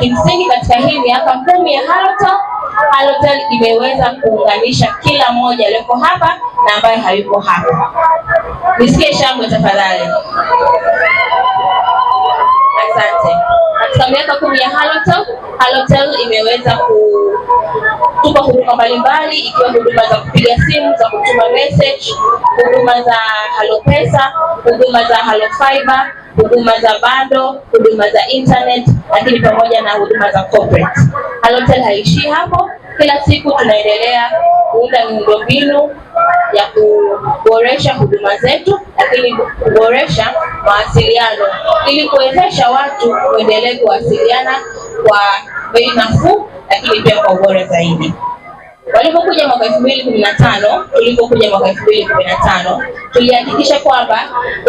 Kimsingi katika hii miaka kumi ya Halotel, Halotel imeweza kuunganisha kila mmoja aliyoko hapa na ambaye hayuko hapa. Nisikie shangwe tafadhali. Asante. Katika miaka kumi ya Halotel, Halotel imeweza kutupa huduma mbalimbali ikiwa huduma za kupiga simu, za kutuma message, huduma za Halo Pesa, huduma za Halo Fiber huduma za bando, huduma za internet, lakini pamoja na huduma za corporate. Halotel haishii hapo. Kila siku tunaendelea kuunda miundombinu ya kuboresha huduma zetu, lakini kuboresha mawasiliano ili kuwezesha watu kuendelea kuwasiliana kwa bei nafuu, lakini pia kwa ubora zaidi. Walipokuja mwaka elfu mbili kumi na tano tulipokuja mwaka elfu mbili kumi na tano tulihakikisha kwamba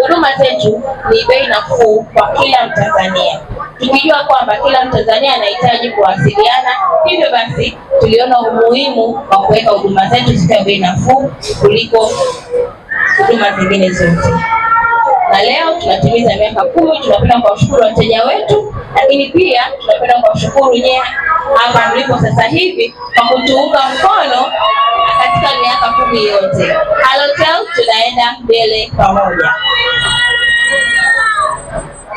huduma zetu ni bei nafuu kwa kila Mtanzania, tukijua kwamba kila Mtanzania anahitaji kuwasiliana. Hivyo basi, tuliona umuhimu wa kuweka huduma zetu zikiwa bei nafuu kuliko huduma zingine zote na leo tunatimiza miaka kumi. Tunapenda kuwashukuru wateja wetu, lakini pia tunapenda kuwashukuru nyewe hapa mlipo sasa hivi kwa kutuunga mkono katika miaka kumi yote. Halotel tunaenda mbele pamoja,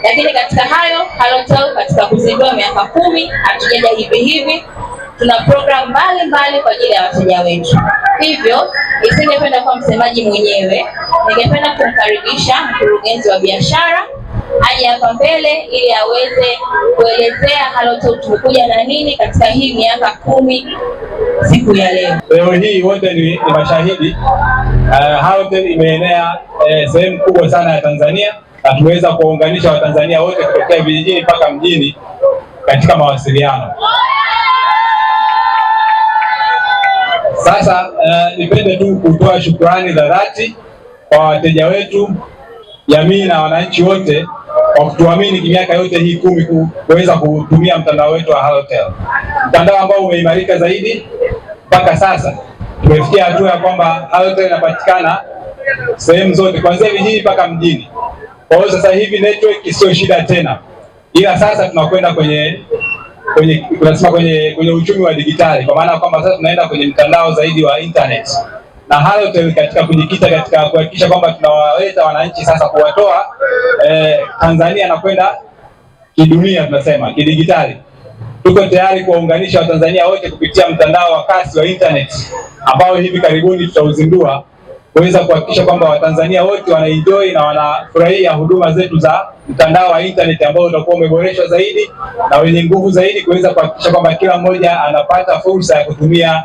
lakini katika hayo Halotel, katika kuzindua miaka kumi hatujaja hivi hivi, tuna programu mbalimbali kwa ajili ya wateja wetu, hivyo Nisingependa kuwa msemaji mwenyewe, ningependa kumkaribisha mkurugenzi wa biashara aje hapa mbele ili aweze kuelezea Halotel tumekuja na nini katika hii miaka kumi siku ya leo. Leo hii wote ni mashahidi, eh, Halotel imeenea eh, sehemu kubwa sana ya Tanzania na tumeweza kuwaunganisha Watanzania wote kutokea vijijini mpaka mjini katika mawasiliano. Sasa uh, nipende tu kutoa shukurani za dhati kwa wateja wetu, jamii na wananchi wote kwa kutuamini miaka yote hii kumi kuweza kutumia mtandao wetu wa Halotel, mtandao ambao umeimarika zaidi mpaka sasa. Tumefikia hatua ya kwamba Halotel inapatikana sehemu zote kuanzia vijijini mpaka mjini. Kwa hiyo sasa hivi network sio shida tena, ila sasa tunakwenda kwenye kwenye tunasema kwenye kwenye uchumi wa digitali kwa maana kwamba sasa tunaenda kwenye mtandao zaidi wa internet, na hayo katika kujikita katika kuhakikisha kwamba tunawaleta wananchi sasa kuwatoa eh, Tanzania na kwenda kidunia, tunasema kidigitali. Tuko tayari kuwaunganisha Watanzania wote kupitia mtandao wa kasi wa internet ambao hivi karibuni tutauzindua kuweza kuhakikisha kwamba Watanzania wote wanaenjoy na wanafurahia huduma zetu za mtandao wa internet ambao utakuwa umeboreshwa zaidi na wenye nguvu zaidi, kuweza kuhakikisha kwamba kila mmoja anapata fursa ya kutumia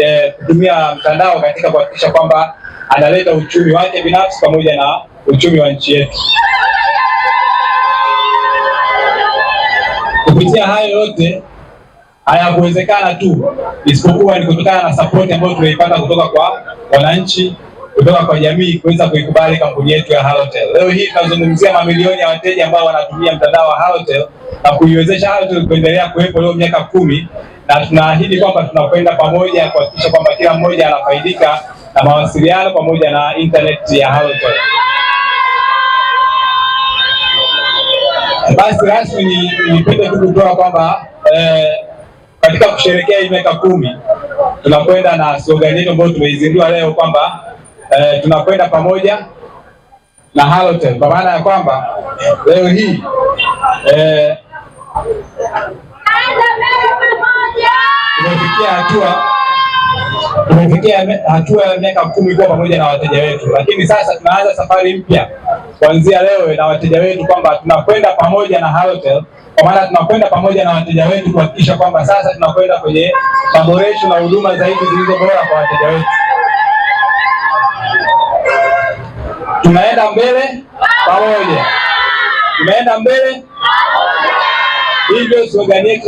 eh, kutumia mtandao katika kuhakikisha kwamba analeta uchumi wake binafsi pamoja na uchumi wa nchi yetu. Kupitia hayo yote hayakuwezekana tu isipokuwa ni kutokana na support ambayo tumeipata kutoka kwa wananchi, kutoka kwa jamii kuweza kuikubali kampuni yetu ya Halotel. Leo hii tunazungumzia mamilioni ya wateja ambao wanatumia mtandao wa Halotel na kuiwezesha Halotel kuendelea kuwepo leo miaka kumi, na tunaahidi kwamba tunakwenda pamoja kuhakikisha kwamba kila mmoja anafaidika na mawasiliano pamoja na internet ya Halotel. Basi rasmi nipende tu kutoa kwamba eh, katika kusherehekea hii miaka kumi tunakwenda na slogan yetu ambayo tumeizindua leo kwamba eh, tunakwenda pamoja na Halotel, kwa maana ya kwamba leo hii eh, tumefikia hatua tumefikia hatua ya miaka kumi kuwa pamoja na wateja wetu, lakini sasa tunaanza safari mpya kuanzia leo na wateja wetu kwamba tunakwenda pamoja na Halotel, kwa maana tunakwenda pamoja na wateja wetu kuhakikisha kwamba sasa tunakwenda kwenye maboresho na huduma zaidi zilizo bora kwa wateja wetu. Tunaenda mbele pamoja, tunaenda mbele. hivyo, ndio slogan yetu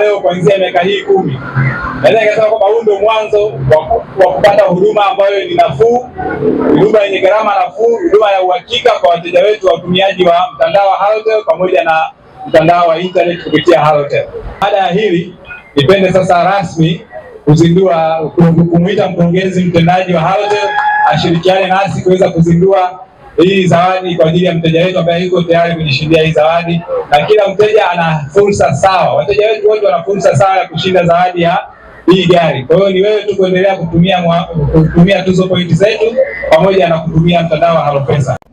leo kuanzia miaka hii kumi. Naweza nikasema kwamba huu ndio mwanzo wa kupata huduma ambayo ni nafuu, huduma yenye gharama nafuu, huduma ya uhakika kwa wateja wetu watumiaji wa mtandao wa Halotel pamoja na mtandao wa internet kupitia Halotel. Baada ya hili, nipende sasa rasmi kuzindua kumwita mkurugenzi mtendaji wa Halotel ashirikiane nasi kuweza kuzindua hii zawadi kwa ajili ya mteja wetu ambaye yuko tayari kujishindia hii zawadi, na kila mteja ana fursa sawa. Wateja wetu wote wana fursa sawa ya kushinda zawadi ya hii gari. Kwa hiyo ni wewe tu kuendelea kutumia kutumia tuzo pointi zetu pamoja na kutumia mtandao wa HaloPesa.